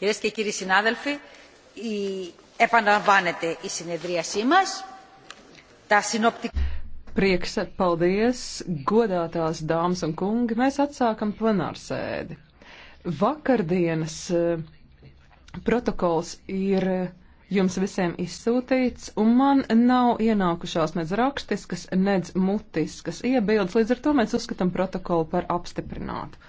Κυρίες και κύριοι συνάδελφοι, η... επαναλαμβάνεται η συνεδρίασή μας. Τα συνοπτικά... Prieks, paldies, godātās dāmas un kungi, mēs atsākam plenārsēdi. Vakardienas eh, protokols ir eh, jums visiem izsūtīts, un man nav ienākušās nedz rakstiskas, nedz mutiskas iebildes, līdz ar to mēs uzskatām protokolu par apstiprinātu.